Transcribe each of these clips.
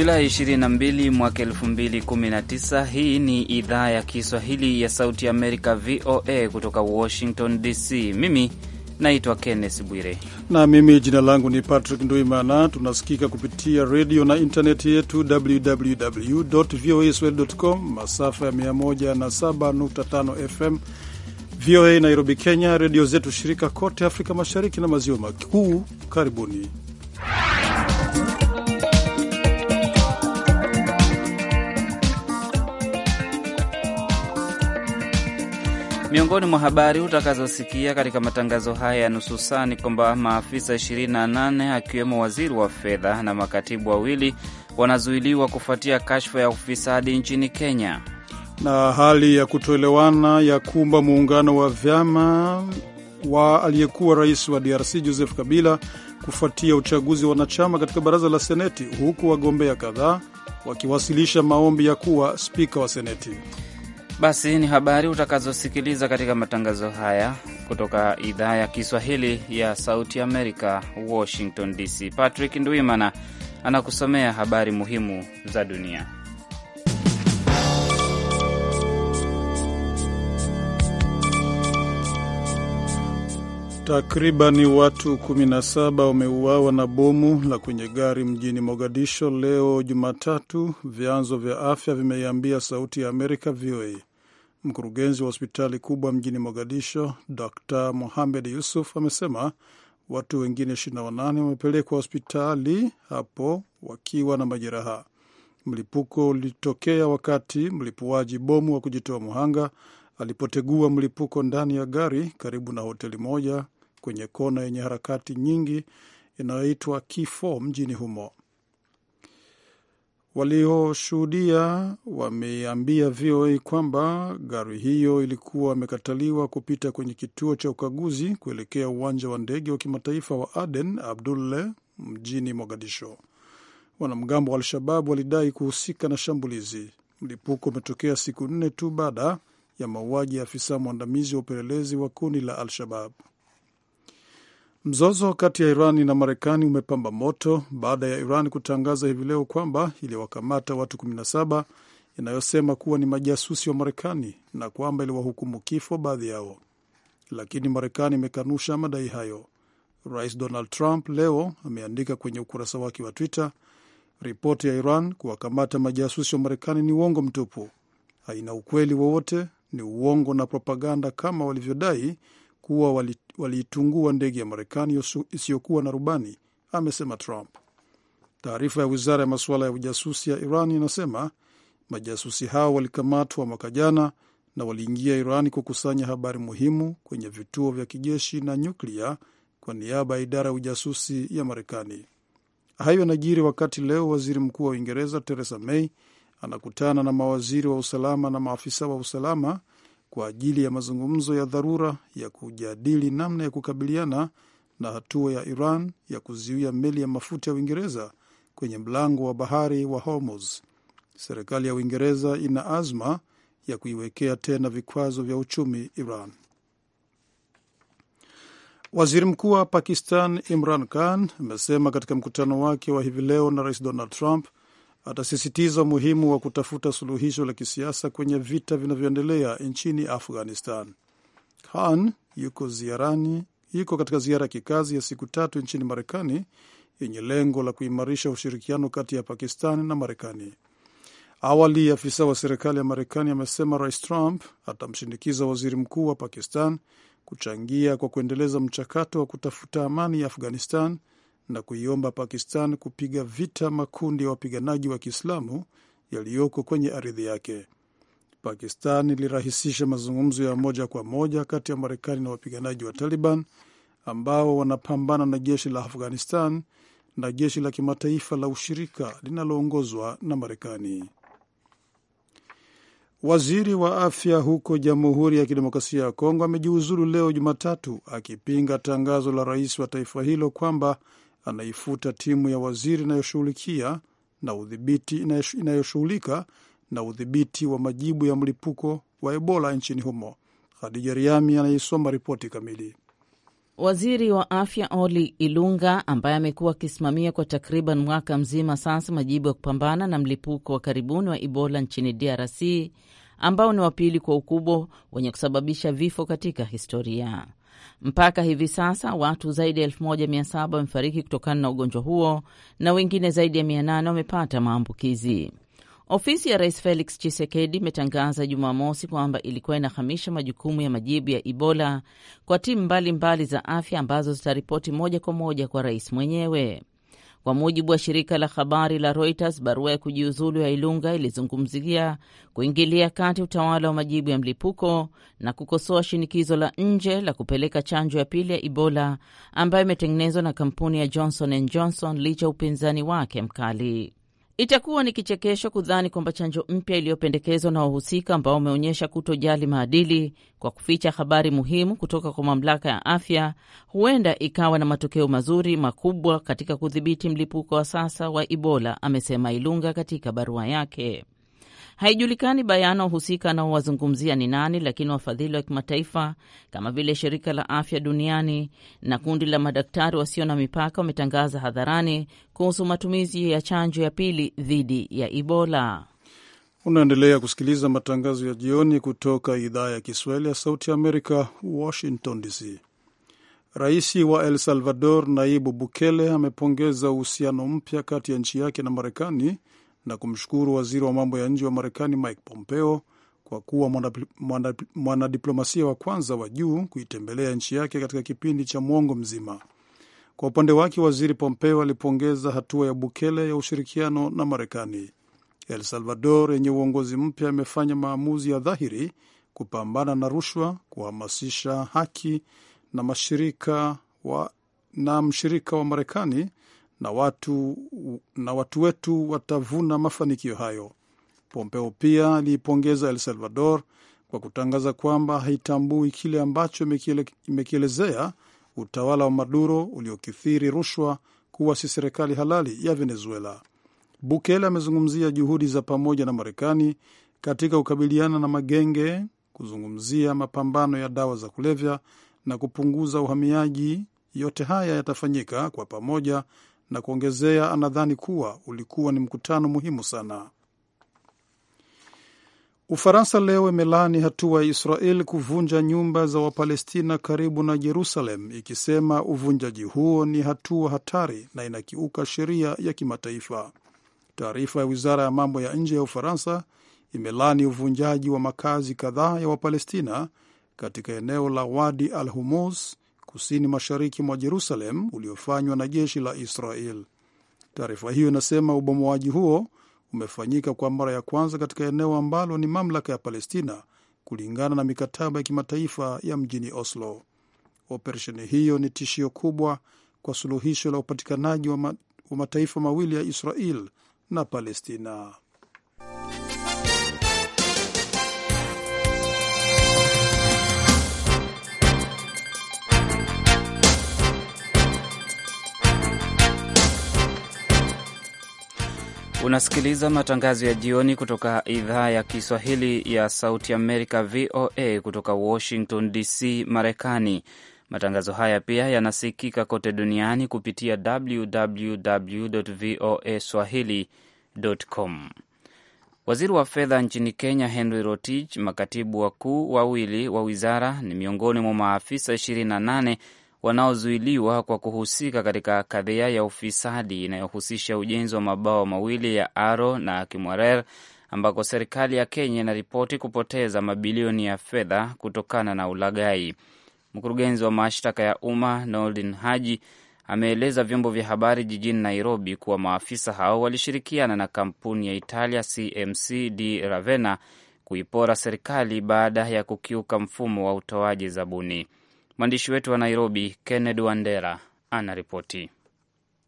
Julai 22 mwaka 2019. Hii ni idhaa ya Kiswahili ya Sauti Amerika, VOA, kutoka Washington DC. Mimi naitwa Kennes Bwire na mimi jina langu ni Patrick Nduimana. Tunasikika kupitia redio na intaneti yetu www voa com, masafa ya 107.5 FM, VOA Nairobi, Kenya, redio zetu shirika kote Afrika Mashariki na Maziwa Makuu. Karibuni. Miongoni mwa habari utakazosikia katika matangazo haya ya nusu saa ni kwamba maafisa 28 akiwemo waziri wa fedha na makatibu wawili wanazuiliwa kufuatia kashfa ya ufisadi nchini Kenya, na hali ya kutoelewana ya kumba muungano wa vyama wa aliyekuwa rais wa DRC Joseph Kabila kufuatia uchaguzi wa wanachama katika baraza la Seneti, huku wagombea kadhaa wakiwasilisha maombi ya kuwa spika wa Seneti. Basi ni habari utakazosikiliza katika matangazo haya kutoka idhaa ya Kiswahili ya Sauti Amerika, Washington DC. Patrick Ndwimana anakusomea habari muhimu za dunia. Takribani watu 17 wameuawa na bomu la kwenye gari mjini Mogadisho leo Jumatatu, vyanzo vya afya vimeiambia Sauti ya Amerika VOA. Mkurugenzi wa hospitali kubwa mjini Mogadisho, Dr Mohamed Yusuf amesema watu wengine 28 wamepelekwa hospitali hapo wakiwa na majeraha. Mlipuko ulitokea wakati mlipuaji bomu wa kujitoa muhanga alipotegua mlipuko ndani ya gari karibu na hoteli moja kwenye kona yenye harakati nyingi inayoitwa Kifo mjini humo. Walioshuhudia wameambia VOA kwamba gari hiyo ilikuwa amekataliwa kupita kwenye kituo cha ukaguzi kuelekea uwanja wa ndege wa kimataifa wa Aden Abdulle mjini Mogadisho. Wanamgambo wa Al-Shabab walidai kuhusika na shambulizi. Mlipuko umetokea siku nne tu baada ya mauaji ya afisa mwandamizi wa upelelezi wa kundi la Al-Shabab. Mzozo kati ya Iran na Marekani umepamba moto baada ya Iran kutangaza hivi leo kwamba iliwakamata watu 17 inayosema kuwa ni majasusi wa Marekani na kwamba iliwahukumu kifo baadhi yao, lakini Marekani imekanusha madai hayo. Rais Donald Trump leo ameandika kwenye ukurasa wake wa Twitter, ripoti ya Iran kuwakamata majasusi wa Marekani ni uongo mtupu, haina ukweli wowote, ni uongo na propaganda kama walivyodai kuwa waliitungua ndege ya Marekani isiyokuwa na rubani, amesema Trump. Taarifa ya wizara ya masuala ya ujasusi ya Iran inasema majasusi hao walikamatwa mwaka jana na waliingia Iran kukusanya habari muhimu kwenye vituo vya kijeshi na nyuklia kwa niaba ya idara ya ujasusi ya Marekani. Hayo yanajiri wakati leo waziri mkuu wa Uingereza Theresa May anakutana na mawaziri wa usalama na maafisa wa usalama kwa ajili ya mazungumzo ya dharura ya kujadili namna ya kukabiliana na hatua ya Iran ya kuzuia meli ya mafuta ya Uingereza kwenye mlango wa bahari wa Hormuz. Serikali ya Uingereza ina azma ya kuiwekea tena vikwazo vya uchumi Iran. Waziri mkuu wa Pakistan Imran Khan amesema katika mkutano wake wa hivi leo na Rais Donald Trump atasisitiza umuhimu wa kutafuta suluhisho la kisiasa kwenye vita vinavyoendelea nchini Afghanistan. Khan yuko ziarani, yuko katika ziara ya kikazi ya siku tatu nchini Marekani yenye lengo la kuimarisha ushirikiano kati ya Pakistan na Marekani. Awali afisa wa serikali ya Marekani amesema Rais Trump atamshinikiza waziri mkuu wa Pakistan kuchangia kwa kuendeleza mchakato wa kutafuta amani ya Afghanistan na kuiomba Pakistan kupiga vita makundi ya wapiganaji wa Kiislamu yaliyoko kwenye ardhi yake. Pakistan ilirahisisha mazungumzo ya moja kwa moja kati ya Marekani na wapiganaji wa Taliban ambao wanapambana na jeshi la Afghanistan na jeshi la kimataifa la ushirika linaloongozwa na Marekani. Waziri wa afya huko Jamhuri ya Kidemokrasia ya Kongo amejiuzulu leo Jumatatu, akipinga tangazo la rais wa taifa hilo kwamba anaifuta timu ya waziri inayoshughulikia na udhibiti inayoshughulika na udhibiti wa majibu ya mlipuko wa Ebola nchini humo. Khadija Riami anaisoma ripoti kamili. Waziri wa afya Oli Ilunga, ambaye amekuwa akisimamia kwa takriban mwaka mzima sasa majibu ya kupambana na mlipuko wa karibuni wa Ebola nchini DRC, ambao ni wa pili kwa ukubwa wenye kusababisha vifo katika historia mpaka hivi sasa watu zaidi ya 1700 wamefariki kutokana na ugonjwa huo na wengine zaidi ya 800 wamepata maambukizi. Ofisi ya Rais Felix Chisekedi imetangaza Jumamosi kwamba ilikuwa inahamisha majukumu ya majibu ya Ebola kwa timu mbalimbali za afya ambazo zitaripoti moja kwa moja kwa rais mwenyewe. Kwa mujibu wa shirika la habari la Reuters, barua ya kujiuzulu ya Ilunga ilizungumzia kuingilia kati utawala wa majibu ya mlipuko na kukosoa shinikizo la nje la kupeleka chanjo ya pili ya Ebola ambayo imetengenezwa na kampuni ya Johnson and Johnson licha ya upinzani wake mkali. Itakuwa ni kichekesho kudhani kwamba chanjo mpya iliyopendekezwa na wahusika ambao wameonyesha kutojali maadili kwa kuficha habari muhimu kutoka kwa mamlaka ya afya huenda ikawa na matokeo mazuri makubwa katika kudhibiti mlipuko wa sasa wa Ebola, amesema Ilunga katika barua yake. Haijulikani bayana wahusika anaowazungumzia ni nani, lakini wafadhili wa kimataifa kama vile shirika la afya duniani na kundi la madaktari wasio na mipaka wametangaza hadharani kuhusu matumizi ya chanjo ya pili dhidi ya Ebola. Unaendelea kusikiliza matangazo ya jioni kutoka idhaa ya Kiswahili ya Sauti ya Amerika, Washington DC. Rais wa El Salvador Naibu Bukele amepongeza uhusiano mpya kati ya nchi yake na Marekani na kumshukuru waziri wa mambo ya nje wa Marekani Mike Pompeo kwa kuwa mwanadiplomasia wa kwanza wa juu kuitembelea nchi yake katika kipindi cha mwongo mzima. Kwa upande wake, waziri Pompeo alipongeza hatua ya Bukele ya ushirikiano na Marekani. El Salvador yenye uongozi mpya amefanya maamuzi ya dhahiri kupambana na rushwa, kuhamasisha haki na mashirika wa, na mshirika wa Marekani na watu, na watu wetu watavuna mafanikio hayo. Pompeo pia aliipongeza El Salvador kwa kutangaza kwamba haitambui kile ambacho imekielezea utawala wa Maduro uliokithiri rushwa kuwa si serikali halali ya Venezuela. Bukele amezungumzia juhudi za pamoja na Marekani katika kukabiliana na magenge, kuzungumzia mapambano ya dawa za kulevya na kupunguza uhamiaji. Yote haya yatafanyika kwa pamoja na kuongezea, anadhani kuwa ulikuwa ni mkutano muhimu sana. Ufaransa leo imelaani hatua ya Israel kuvunja nyumba za Wapalestina karibu na Jerusalem, ikisema uvunjaji huo ni hatua hatari na inakiuka sheria ya kimataifa. Taarifa ya wizara ya mambo ya nje ya Ufaransa imelaani uvunjaji wa makazi kadhaa ya Wapalestina katika eneo la Wadi al Humus kusini mashariki mwa Jerusalem uliofanywa na jeshi la Israel. Taarifa hiyo inasema ubomoaji huo umefanyika kwa mara ya kwanza katika eneo ambalo ni mamlaka ya Palestina kulingana na mikataba ya kimataifa ya mjini Oslo. Operesheni hiyo ni tishio kubwa kwa suluhisho la upatikanaji wa mataifa mawili ya Israel na Palestina. Unasikiliza matangazo ya jioni kutoka idhaa ya Kiswahili ya Sauti Amerika, VOA, kutoka Washington DC, Marekani. Matangazo haya pia yanasikika kote duniani kupitia www voa swahili.com. Waziri wa fedha nchini Kenya Henry Rotich, makatibu wakuu wawili wa wizara ni miongoni mwa maafisa 28 wanaozuiliwa kwa kuhusika katika kadhia ya ufisadi inayohusisha ujenzi wa mabao mawili ya Aro na Kimwarer ambako serikali ya Kenya inaripoti kupoteza mabilioni ya fedha kutokana na ulaghai. Mkurugenzi wa mashtaka ya umma Noordin Haji ameeleza vyombo vya habari jijini Nairobi kuwa maafisa hao walishirikiana na kampuni ya Italia CMC di Ravenna kuipora serikali baada ya kukiuka mfumo wa utoaji zabuni. Mwandishi wetu wa Nairobi, Kennedy Wandera, anaripoti.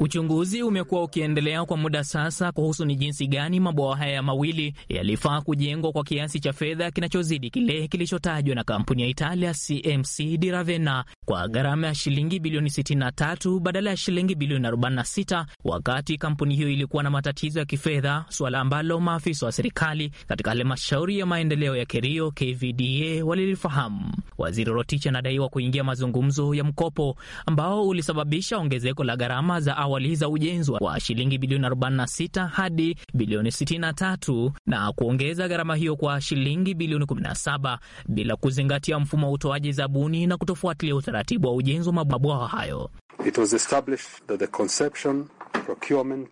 Uchunguzi umekuwa ukiendelea kwa muda sasa kuhusu ni jinsi gani mabwawa haya mawili yalifaa kujengwa kwa kiasi cha fedha kinachozidi kile kilichotajwa na kampuni ya Italia CMC di Ravenna kwa gharama ya shilingi bilioni 63 badala ya shilingi bilioni 46, wakati kampuni hiyo ilikuwa na matatizo ya kifedha, suala ambalo maafisa wa serikali katika halmashauri ya maendeleo ya Kerio KVDA walilifahamu. Waziri Rotich anadaiwa kuingia mazungumzo ya mkopo ambao ulisababisha ongezeko la gharama za awali za ujenzi wa shilingi bilioni 46 hadi bilioni 63 na kuongeza gharama hiyo kwa shilingi bilioni 17 bila kuzingatia mfumo wa utoaji zabuni na kutofuatilia utaratibu wa ujenzi wa mabwawa hayo. It was established that the conception, procurement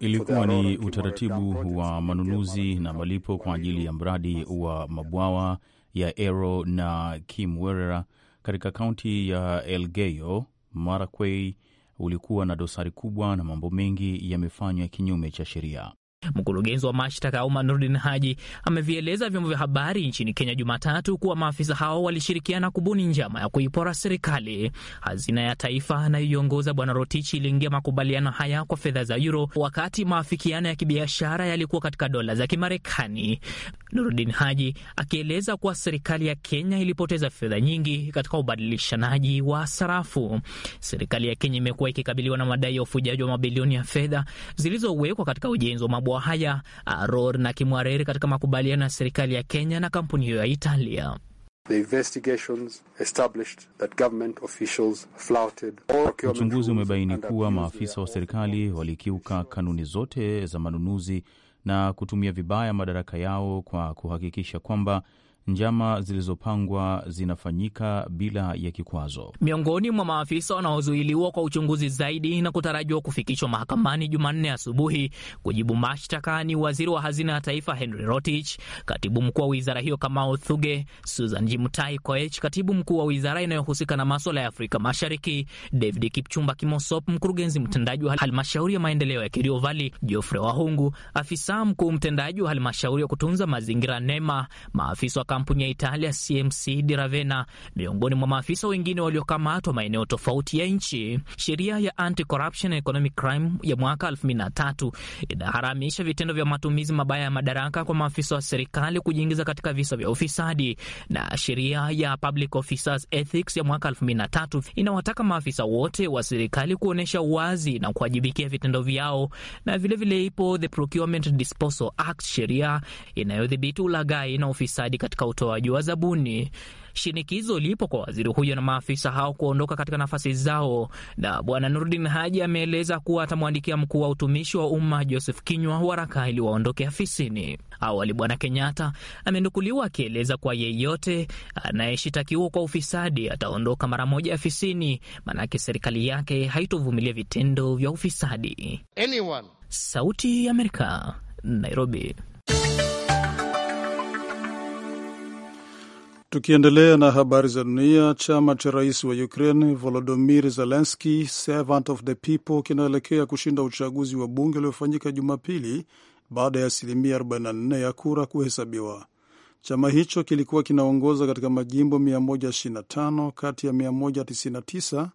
Ilikuwa ni utaratibu wa manunuzi na malipo kwa ajili ya mradi wa mabwawa ya Ero na Kimwerera katika kaunti ya Elgeyo Marakwet ulikuwa na dosari kubwa na mambo mengi yamefanywa kinyume cha sheria. Mkurugenzi wa mashtaka umma Nurdin Haji amevieleza vyombo vya habari nchini Kenya Jumatatu kuwa maafisa hao walishirikiana kubuni njama ya kuipora serikali. Hazina ya Taifa anayoiongoza Bwana rotichi iliingia makubaliano haya kwa fedha za yuro wakati maafikiano ya kibiashara yalikuwa katika dola za Kimarekani. Nurudin Haji akieleza kuwa serikali ya Kenya ilipoteza fedha nyingi katika ubadilishanaji wa sarafu. Serikali ya Kenya imekuwa ikikabiliwa na madai ya ufujaji wa mabilioni ya fedha zilizowekwa katika ujenzi wa mabwawa haya Aror na Kimwareri katika makubaliano ya serikali ya Kenya na kampuni hiyo ya Italia. Uchunguzi umebaini kuwa maafisa wa serikali walikiuka kanuni zote za manunuzi na kutumia vibaya madaraka yao kwa kuhakikisha kwamba njama zilizopangwa zinafanyika bila ya kikwazo. Miongoni mwa maafisa wanaozuiliwa kwa uchunguzi zaidi na kutarajiwa kufikishwa mahakamani Jumanne asubuhi kujibu mashtaka ni waziri wa hazina ya taifa Henry Rotich, katibu mkuu wa wizara hiyo Kamau Thuge, Susan Jimutai Koech, katibu mkuu wa wizara inayohusika na maswala ya Afrika Mashariki, David Kipchumba Kimosop, mkurugenzi mtendaji wa halmashauri ya maendeleo ya Kerio jofre Geoffrey Wahungu, afisa mkuu mtendaji wa halmashauri ya kutunza mazingira NEMA, maafisa kampuni ya Italia CMC di Ravenna, miongoni mwa maafisa wengine waliokamatwa maeneo tofauti ya nchi. Sheria ya Anti-Corruption and Economic Crime ya mwaka 2003 inaharamisha vitendo vya matumizi mabaya ya madaraka kwa maafisa wa serikali kujiingiza katika visa vya ufisadi, na sheria ya Public Officers Ethics ya mwaka 2003 inawataka maafisa wote wa serikali kuonyesha uwazi na kuwajibikia vitendo vyao, na vilevile vile ipo the Procurement Disposal Act, sheria inayodhibiti ulagai na ufisadi katika utoaji wa zabuni. Shinikizo lipo kwa waziri huyo na maafisa hao kuondoka katika nafasi zao, na Bwana Nurdin Haji ameeleza kuwa atamwandikia mkuu wa utumishi wa umma Joseph Kinywa waraka ili waondoke afisini. Awali Bwana Kenyatta amenukuliwa akieleza kuwa yeyote anayeshitakiwa kwa ufisadi ataondoka mara moja afisini, maanake serikali yake haitovumilia vitendo vya ufisadi. Anyone. Sauti ya Amerika, Nairobi. Tukiendelea na habari za dunia, chama cha rais wa Ukraine Volodymyr Zelensky, Servant of the People, kinaelekea kushinda uchaguzi wa bunge uliofanyika Jumapili baada ya asilimia 44 ya kura kuhesabiwa. Chama hicho kilikuwa kinaongoza katika majimbo 125 kati ya 199,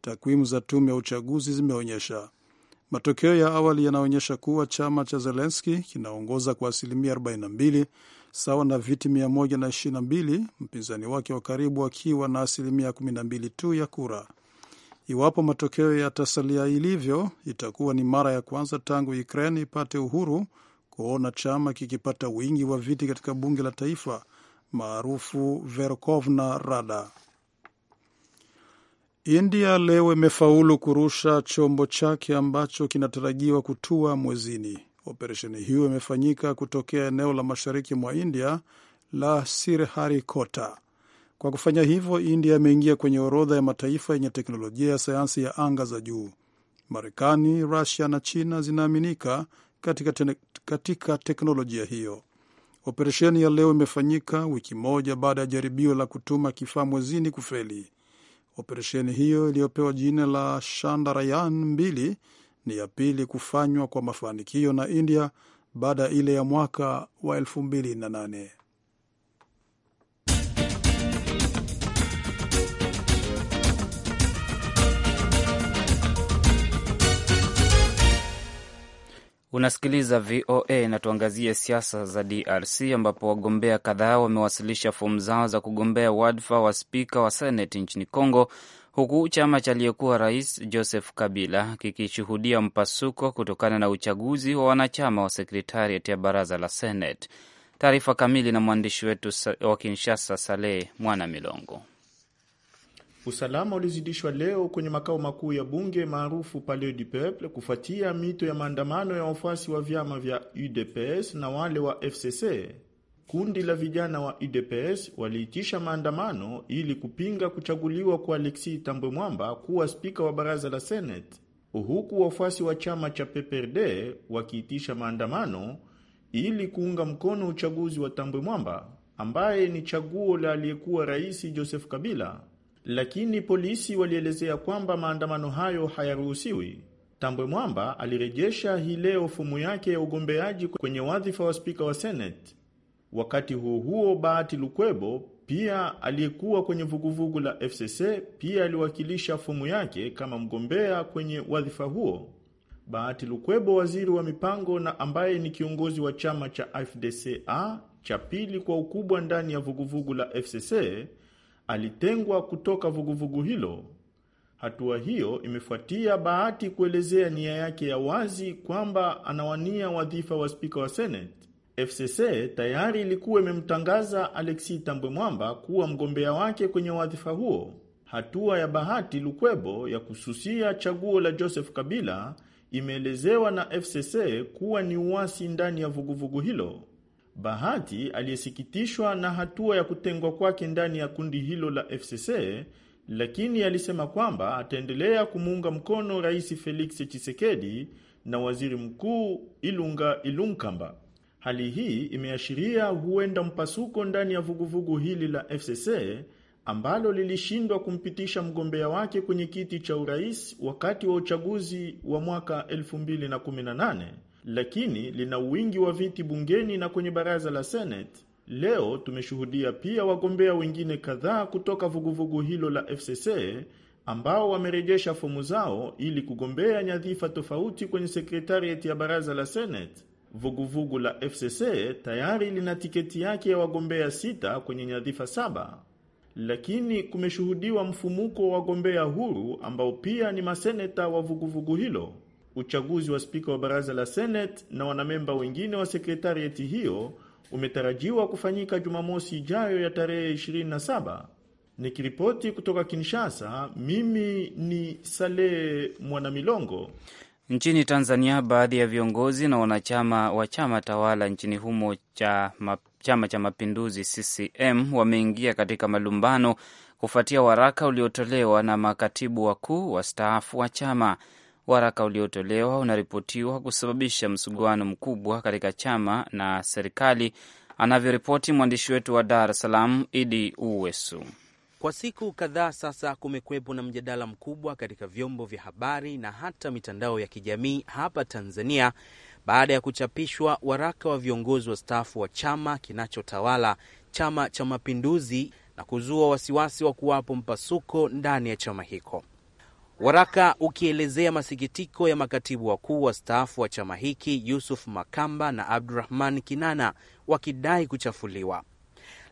takwimu za tume ya uchaguzi zimeonyesha. Matokeo ya awali yanaonyesha kuwa chama cha Zelenski kinaongoza kwa asilimia 42 sawa na viti 122, mpinzani wake wa karibu akiwa na asilimia 12 tu ya kura. Iwapo matokeo yatasalia ilivyo, itakuwa ni mara ya kwanza tangu Ukraine ipate uhuru kuona chama kikipata wingi wa viti katika bunge la taifa maarufu Verkhovna Rada. India leo imefaulu kurusha chombo chake ambacho kinatarajiwa kutua mwezini. Operesheni hiyo imefanyika kutokea eneo la mashariki mwa India la Sirharikota. Kwa kufanya hivyo, India imeingia kwenye orodha ya mataifa yenye teknolojia ya sayansi ya anga za juu. Marekani, Rusia na China zinaaminika katika, te katika teknolojia hiyo. Operesheni ya leo imefanyika wiki moja baada ya jaribio la kutuma kifaa mwezini kufeli. Operesheni hiyo iliyopewa jina la Chandrayaan mbili ni ya pili kufanywa kwa mafanikio na India baada ya ile ya mwaka wa 2008. Unasikiliza VOA na tuangazie siasa za DRC ambapo wagombea kadhaa wamewasilisha fomu zao za kugombea wadhifa wa spika wa seneti nchini Kongo, huku chama cha aliyekuwa rais Joseph Kabila kikishuhudia mpasuko kutokana na uchaguzi wa wanachama wa sekretariat ya baraza la Senate. Taarifa kamili na mwandishi wetu wa Kinshasa, Saleh Mwana Milongo. Usalama ulizidishwa leo kwenye makao makuu ya bunge maarufu Palais du Peuple kufuatia mito ya maandamano ya wafuasi wa vyama vya UDPS na wale wa FCC kundi la vijana wa UDPS waliitisha maandamano ili kupinga kuchaguliwa kwa Alexi Tambwe Mwamba kuwa spika wa baraza la Senate, huku wafuasi wa chama cha PPRD wakiitisha maandamano ili kuunga mkono uchaguzi wa Tambwe Mwamba ambaye ni chaguo la aliyekuwa rais Joseph Kabila, lakini polisi walielezea kwamba maandamano hayo hayaruhusiwi. Tambwe Mwamba alirejesha hii leo fomu yake ya ugombeaji kwenye wadhifa wa spika wa Senate. Wakati huo huo, Bahati Lukwebo pia aliyekuwa kwenye vuguvugu la FCC pia aliwakilisha fomu yake kama mgombea kwenye wadhifa huo. Bahati Lukwebo, waziri wa mipango na ambaye ni kiongozi wa chama cha FDCA cha pili kwa ukubwa ndani ya vuguvugu la FCC, alitengwa kutoka vuguvugu hilo. Hatua hiyo imefuatia Bahati kuelezea nia yake ya wazi kwamba anawania wadhifa wa spika wa Senate FCC tayari ilikuwa imemtangaza Alexi Tambwe Mwamba kuwa mgombea wake kwenye wadhifa huo. Hatua ya Bahati Lukwebo ya kususia chaguo la Joseph Kabila imeelezewa na FCC kuwa ni uasi ndani ya vuguvugu hilo. Bahati aliyesikitishwa na hatua ya kutengwa kwake ndani ya kundi hilo la FCC, lakini alisema kwamba ataendelea kumuunga mkono Rais Felix Tshisekedi na Waziri Mkuu Ilunga Ilunkamba. Hali hii imeashiria huenda mpasuko ndani ya vuguvugu hili la FCC ambalo lilishindwa kumpitisha mgombea wake kwenye kiti cha urais wakati wa uchaguzi wa mwaka 2018 lakini lina wingi wa viti bungeni na kwenye baraza la Senate. Leo tumeshuhudia pia wagombea wengine kadhaa kutoka vuguvugu hilo la FCC ambao wamerejesha fomu zao ili kugombea nyadhifa tofauti kwenye sekretariat ya baraza la Senate vuguvugu la FCC tayari lina tiketi yake ya wagombea sita kwenye nyadhifa saba, lakini kumeshuhudiwa mfumuko wa wagombea huru ambao pia ni maseneta wa vuguvugu hilo. Uchaguzi wa spika wa baraza la Senate na wanamemba wengine wa sekretarieti hiyo umetarajiwa kufanyika Jumamosi ijayo ya tarehe 27. Nikiripoti kutoka Kinshasa, mimi ni Saleh Mwanamilongo. Nchini Tanzania, baadhi ya viongozi na wanachama wa chama tawala nchini humo cha Chama cha Mapinduzi CCM wameingia katika malumbano kufuatia waraka uliotolewa na makatibu wakuu wastaafu wa chama. Waraka uliotolewa unaripotiwa kusababisha msuguano mkubwa katika chama na serikali, anavyoripoti mwandishi wetu wa Dar es Salaam, Idi Uwesu. Kwa siku kadhaa sasa kumekuwepo na mjadala mkubwa katika vyombo vya habari na hata mitandao ya kijamii hapa Tanzania baada ya kuchapishwa waraka wa viongozi wa staafu wa chama kinachotawala Chama cha Mapinduzi na kuzua wasiwasi wa kuwapo mpasuko ndani ya chama hicho, waraka ukielezea masikitiko ya makatibu wakuu wastaafu wa chama hiki Yusuf Makamba na Abdurahman Kinana wakidai kuchafuliwa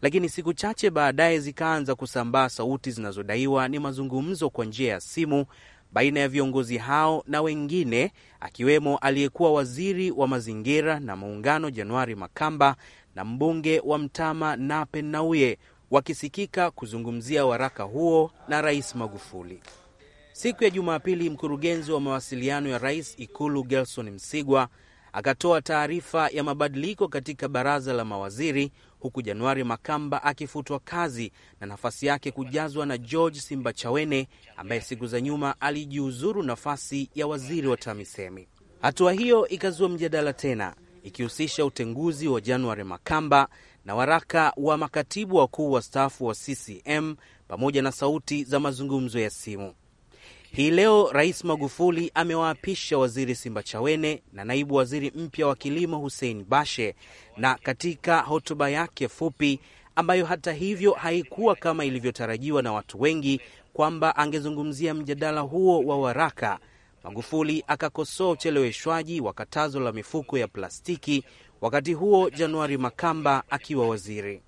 lakini siku chache baadaye zikaanza kusambaa sauti zinazodaiwa ni mazungumzo kwa njia ya simu baina ya viongozi hao na wengine akiwemo aliyekuwa waziri wa mazingira na muungano Januari Makamba na mbunge wa Mtama Nape Nnauye wakisikika kuzungumzia waraka huo na Rais Magufuli. Siku ya Jumapili, mkurugenzi wa mawasiliano ya rais Ikulu Gelson Msigwa akatoa taarifa ya mabadiliko katika baraza la mawaziri huku Januari Makamba akifutwa kazi na nafasi yake kujazwa na George chawene ambaye siku za nyuma alijiuzuru nafasi ya waziri wa TAMISEMI. Hatua hiyo ikazua mjadala tena ikihusisha utenguzi wa Januari Makamba na waraka wa makatibu wakuu wastaafu wa CCM pamoja na sauti za mazungumzo ya simu. Hii leo Rais Magufuli amewaapisha Waziri simba chawene na naibu waziri mpya wa kilimo Hussein Bashe, na katika hotuba yake fupi ambayo hata hivyo haikuwa kama ilivyotarajiwa na watu wengi kwamba angezungumzia mjadala huo wa waraka, Magufuli akakosoa ucheleweshwaji wa katazo la mifuko ya plastiki, wakati huo Januari Makamba akiwa waziri.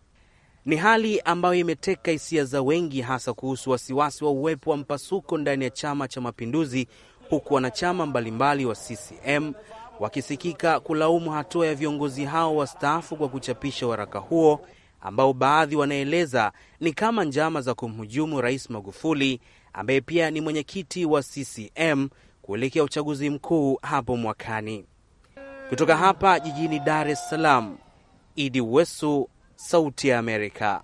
Ni hali ambayo imeteka hisia za wengi, hasa kuhusu wasiwasi wa uwepo wa mpasuko ndani ya Chama cha Mapinduzi, huku wanachama mbalimbali wa CCM wakisikika kulaumu hatua ya viongozi hao wastaafu kwa kuchapisha waraka huo ambao baadhi wanaeleza ni kama njama za kumhujumu Rais Magufuli ambaye pia ni mwenyekiti wa CCM kuelekea uchaguzi mkuu hapo mwakani. Kutoka hapa jijini Dar es Salaam, Idi Wesu, Sauti ya Amerika.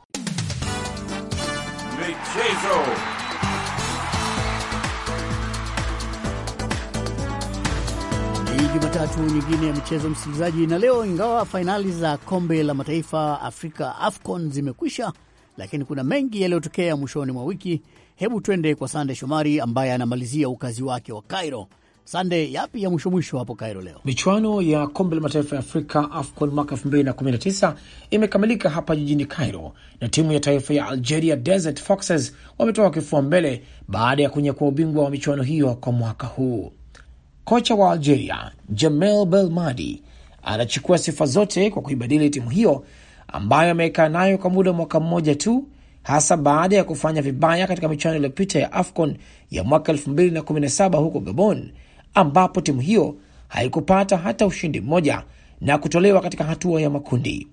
Michezo. Ni Jumatatu nyingine ya michezo, msikilizaji, na leo, ingawa fainali za kombe la mataifa Afrika AFCON zimekwisha, lakini kuna mengi yaliyotokea mwishoni mwa wiki. Hebu twende kwa Sande Shomari ambaye anamalizia ukazi wake wa Cairo Sande, yapi ya mwisho mwisho hapo Kairo leo? Michuano ya kombe la mataifa ya Afrika AFCON mwaka tisa imekamilika hapa jijini Cairo na timu ya taifa ya Algeria Desert Foxes wametoka kifua mbele baada ya kunyakua ubingwa wa michuano hiyo kwa mwaka huu. Kocha wa Algeria Jamel Belmadi anachukua sifa zote kwa kuibadili timu hiyo ambayo amekaa nayo kwa muda wa mwaka mmoja tu, hasa baada ya kufanya vibaya katika michuano iliyopita ya AFCON ya mwaka saba huko Gabon ambapo timu hiyo haikupata hata ushindi mmoja na kutolewa katika hatua ya makundi.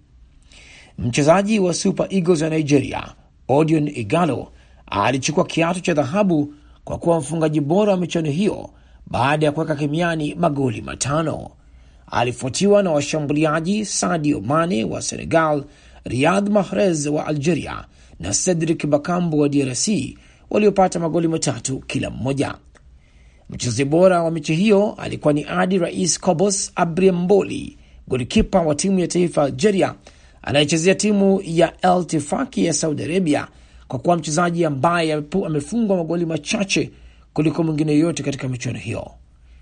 Mchezaji wa Super Eagles ya Nigeria Odion Igalo alichukua kiatu cha dhahabu kwa kuwa mfungaji bora wa michuano hiyo baada ya kuweka kimiani magoli matano. Alifuatiwa na washambuliaji Sadio Mane wa Senegal, Riyad Mahrez wa Algeria na Cedric Bakambu wa DRC waliopata magoli matatu kila mmoja. Mchezaji bora wa mechi hiyo alikuwa ni Adi Rais Kobos Abriemboli, golikipa wa timu ya taifa ya Algeria anayechezea timu ya El Tifaki ya Saudi Arabia, kwa kuwa mchezaji ambaye amefungwa magoli machache kuliko mwingine yoyote katika michuano hiyo.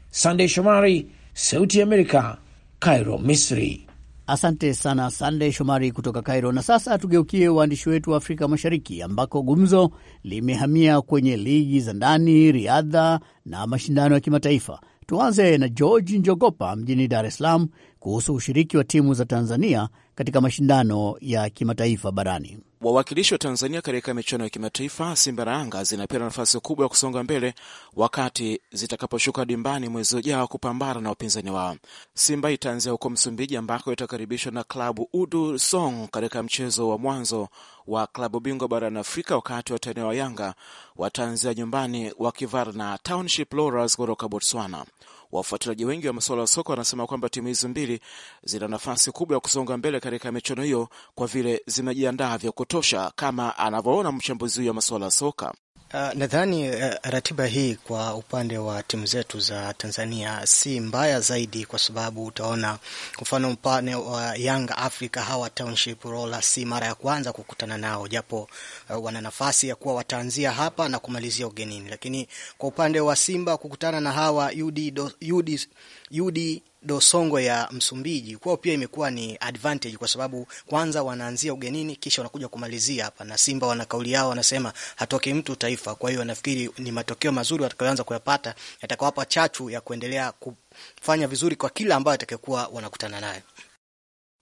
Sandey Shomari, Sauti ya Amerika, Cairo, Misri. Asante sana Sandey Shomari kutoka cairo Na sasa tugeukie waandishi wetu wa Afrika Mashariki, ambako gumzo limehamia kwenye ligi za ndani, riadha na mashindano ya kimataifa. Tuanze na George Njogopa mjini Dar es Salaam kuhusu ushiriki wa timu za Tanzania katika mashindano ya kimataifa barani Wawakilishi wa Tanzania katika michuano ya kimataifa, Simba na Yanga zinapewa nafasi kubwa ya kusonga mbele wakati zitakaposhuka dimbani mwezi ujao kupambana na wapinzani wao. Simba itaanzia huko Msumbiji ambako itakaribishwa na klabu Udu Song katika mchezo wa mwanzo wa klabu bingwa barani Afrika, wakati watani wa Yanga wataanzia nyumbani wakivara na Township Rollers kutoka Botswana. Wafuatiliaji wengi wa masuala ya soka wanasema kwamba timu hizi mbili zina nafasi kubwa ya kusonga mbele katika michuano hiyo kwa vile zinajiandaa vya kutosha, kama anavyoona mchambuzi huyo wa masuala ya soka. Uh, nadhani uh, ratiba hii kwa upande wa timu zetu za Tanzania si mbaya zaidi, kwa sababu utaona mfano mpane wa uh, Young Africa hawa Township Roller si mara ya kwanza kukutana nao, japo uh, wana nafasi ya kuwa wataanzia hapa na kumalizia ugenini, lakini kwa upande wa Simba kukutana na hawa UD, UD, UD, Dosongwe ya Msumbiji kwao pia imekuwa ni advantage kwa sababu kwanza wanaanzia ugenini kisha wanakuja kumalizia hapa, na Simba wana kauli yao, wanasema hatoki mtu taifa. Kwa hiyo nafikiri ni matokeo mazuri watakayoanza kuyapata yatakawapa chachu ya kuendelea kufanya vizuri kwa kila ambayo atakayokuwa wanakutana nayo.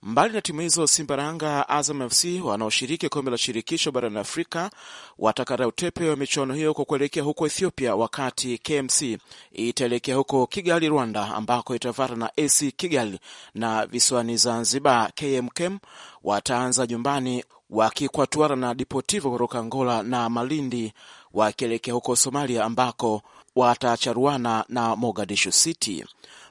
Mbali na timu hizo Simbaranga, Azam FC wanaoshiriki kombe la shirikisho barani Afrika watakata utepe wa michuano hiyo kwa kuelekea huko Ethiopia, wakati KMC itaelekea huko Kigali, Rwanda, ambako itavata na AC Kigali na visiwani Zanzibar. KMKM wataanza nyumbani wakikwatuana na Deportivo kutoka Angola na Malindi wakielekea huko Somalia, ambako watacharuana na Mogadishu City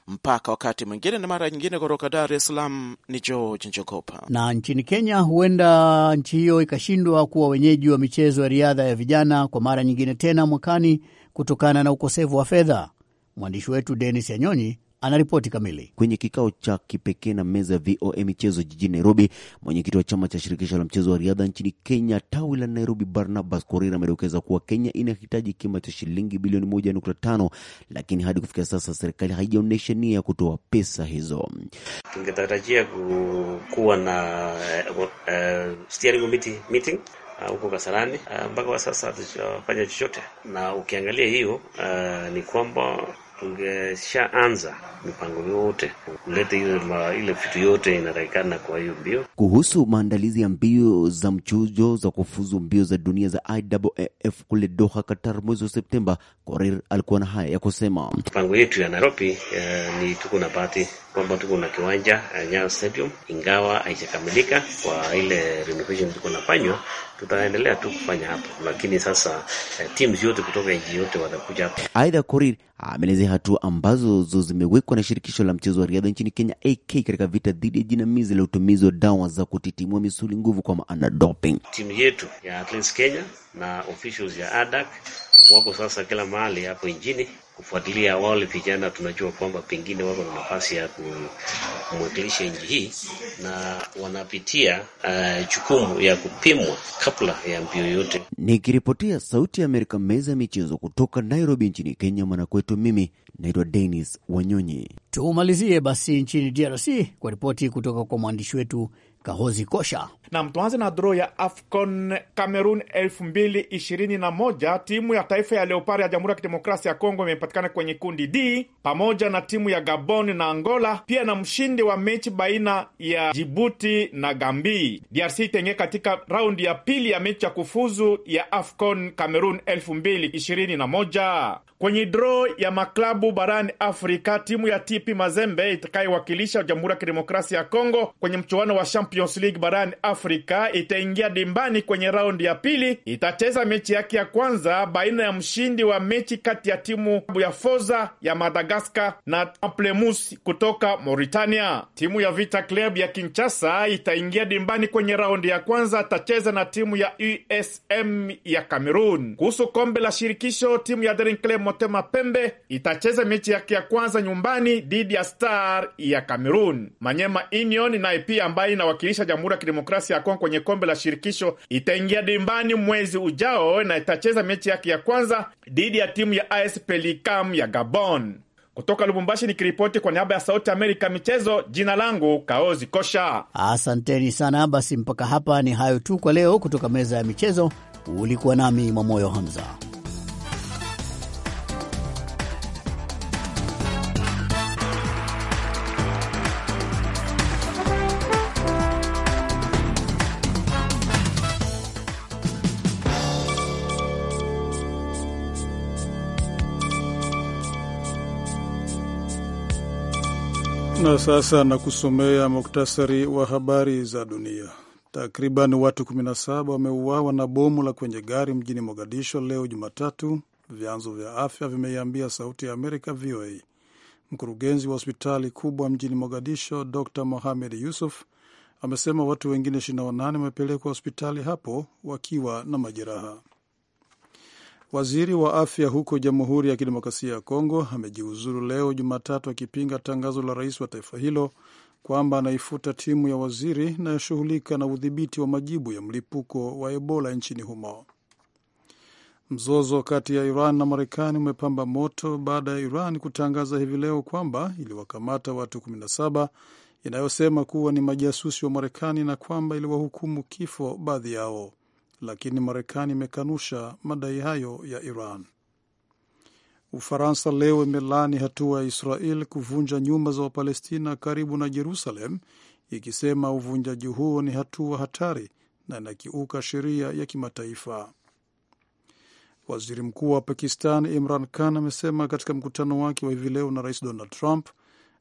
mpaka wakati mwingine na mara nyingine. Kutoka Dar es Salaam ni George Njogopa. Na nchini Kenya, huenda nchi hiyo ikashindwa kuwa wenyeji wa michezo ya riadha ya vijana kwa mara nyingine tena mwakani kutokana na ukosefu wa fedha. Mwandishi wetu Denis Yanyonyi anaripoti kamili. Kwenye kikao cha kipekee na meza ya VOA michezo jijini Nairobi, mwenyekiti wa chama cha shirikisho la mchezo wa riadha nchini Kenya tawi la Nairobi, Barnabas Korir, amedokeza kuwa Kenya inahitaji kima cha shilingi bilioni moja nukta tano lakini hadi kufikia sasa serikali haijaonyesha nia ya kutoa pesa hizo. Tungetarajia kuwa na uh, uh, steering meeting eh, huko uh, Kasarani mpaka uh, wa sasa hatujafanya chochote, na ukiangalia hiyo uh, ni kwamba tungeshaanza mipango yote kuleta ile vitu yote inatakikana kwa hiyo mbio kuhusu maandalizi ya mbio za mchujo za kufuzu mbio za dunia za IAAF kule Doha, Qatar, mwezi wa Septemba, Korir alikuwa na haya ya kusema. Mpango yetu ya Nairobi uh, ni tuko na bahati kwamba tuko na kiwanja uh, Nyayo Stadium, ingawa haijakamilika kwa ile renovation tuko nafanywa, tutaendelea tu kufanya hapo, lakini sasa uh, teams yote kutoka nchi yote watakuja hapo. Aidha, Korir ameelezea hatua ambazo zimewekwa na shirikisho la mchezo wa riadha nchini Kenya AK katika vita dhidi ya jinamizi la utumizi wa dawa za kutitimua misuli nguvu kwa maana doping. Timu yetu ya Athletics Kenya na officials ya ADAC wako sasa kila mahali hapo nchini kufuatilia wale vijana. Tunajua kwamba pengine wako na nafasi ya kumwakilisha nchi hii, na wanapitia uh, ya kupimwa kabla ya mbio yote. Nikiripotia Sauti ya Amerika, meza ya michezo kutoka Nairobi nchini Kenya, mwanakwetu, mimi naitwa Dennis Wanyonyi. Tumalizie basi nchini DRC kwa ripoti kutoka kwa mwandishi wetu Kahozi Kosha. Nam, tuanze na dro ya AFCON Cameroon 2021. Timu ya taifa ya Leopard ya Jamhuri ya Kidemokrasia ya Kongo imepatikana kwenye kundi D pamoja na timu ya Gabon na Angola, pia na mshindi wa mechi baina ya Jibuti na Gambii. DRC itengee katika raundi ya pili ya mechi ya kufuzu ya AFCON Cameroon 2021 kwenye dro ya maklabu barani Afrika, timu ya TP Mazembe itakayowakilisha Jamhuri ya Kidemokrasia ya Kongo kwenye mchuano wa Champions League barani Afrika itaingia dimbani kwenye raundi ya pili. Itacheza mechi yake ya kwanza baina ya mshindi wa mechi kati ya timu ya Foza ya Madagaskar na Amplemus kutoka Mauritania. Timu ya Vita Club ya Kinshasa itaingia dimbani kwenye raundi ya kwanza, atacheza na timu ya USM ya Cameroon. Kuhusu kombe la shirikisho, timu ya Daring Club Motema Pembe itacheza mechi yake ya kwanza nyumbani dhidi ya Star ya Cameroon. Manyema Union naye pia ambaye inawakilisha Jamhuri ya Kidemokrasia ya Kongo kwenye kombe la shirikisho itaingia dimbani mwezi ujao na itacheza mechi yake ya kwanza dhidi ya timu ya AS Pelicam ya Gabon. Kutoka Lubumbashi nikiripoti kwa niaba ya Sauti Amerika michezo, jina langu Kaozi Kosha. Asanteni sana. Basi mpaka hapa ni hayo tu kwa leo, kutoka meza ya michezo. Ulikuwa nami Mwamoyo Hamza. Na sasa na kusomea muktasari wa habari za dunia. Takriban watu 17 wameuawa na bomu la kwenye gari mjini Mogadisho leo Jumatatu, vyanzo vya afya vimeiambia Sauti ya Amerika VOA. Mkurugenzi wa hospitali kubwa mjini Mogadisho, Dr Mohamed Yusuf, amesema watu wengine 28 wamepelekwa hospitali hapo wakiwa na majeraha. Waziri wa afya huko Jamhuri ya Kidemokrasia ya Kongo amejiuzuru leo Jumatatu, akipinga tangazo la rais wa taifa hilo kwamba anaifuta timu ya waziri inayoshughulika na udhibiti wa majibu ya mlipuko wa Ebola nchini humo. Mzozo kati ya Iran na Marekani umepamba moto baada ya Iran kutangaza hivi leo kwamba iliwakamata watu 17 inayosema kuwa ni majasusi wa Marekani na kwamba iliwahukumu kifo baadhi yao lakini Marekani imekanusha madai hayo ya Iran. Ufaransa leo imelaani hatua ya Israel kuvunja nyumba za Wapalestina karibu na Jerusalem, ikisema uvunjaji huo ni hatua hatari na inakiuka sheria ya kimataifa. Waziri mkuu wa Pakistan Imran Khan amesema katika mkutano wake wa hivi leo na rais Donald Trump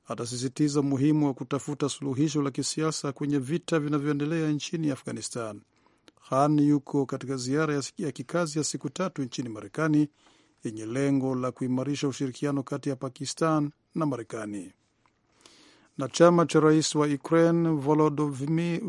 atasisitiza umuhimu wa kutafuta suluhisho la kisiasa kwenye vita vinavyoendelea nchini Afghanistan. Han yuko katika ziara ya kikazi ya siku tatu nchini Marekani yenye lengo la kuimarisha ushirikiano kati ya Pakistan na Marekani. Na chama cha rais wa Ukraine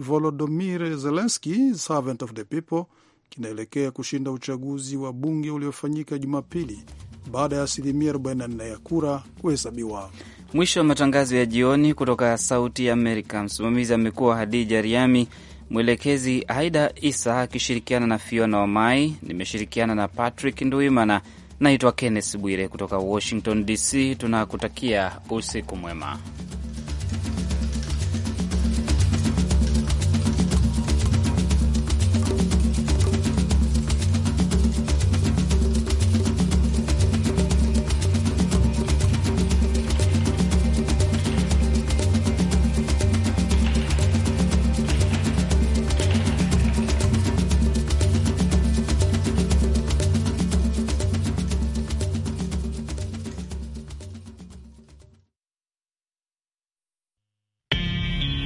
Volodomir Zelenski, servant of the people, kinaelekea kushinda uchaguzi wa bunge uliofanyika Jumapili baada ya asilimia 44 ya kura kuhesabiwa. Mwisho wa matangazo ya jioni kutoka Sauti ya Amerika. Msimamizi amekuwa Hadija Riami mwelekezi Aida Isa akishirikiana na Fiona Wamai. Nimeshirikiana na Patrick Nduimana. Naitwa Kenneth Bwire kutoka Washington DC. Tunakutakia usiku mwema.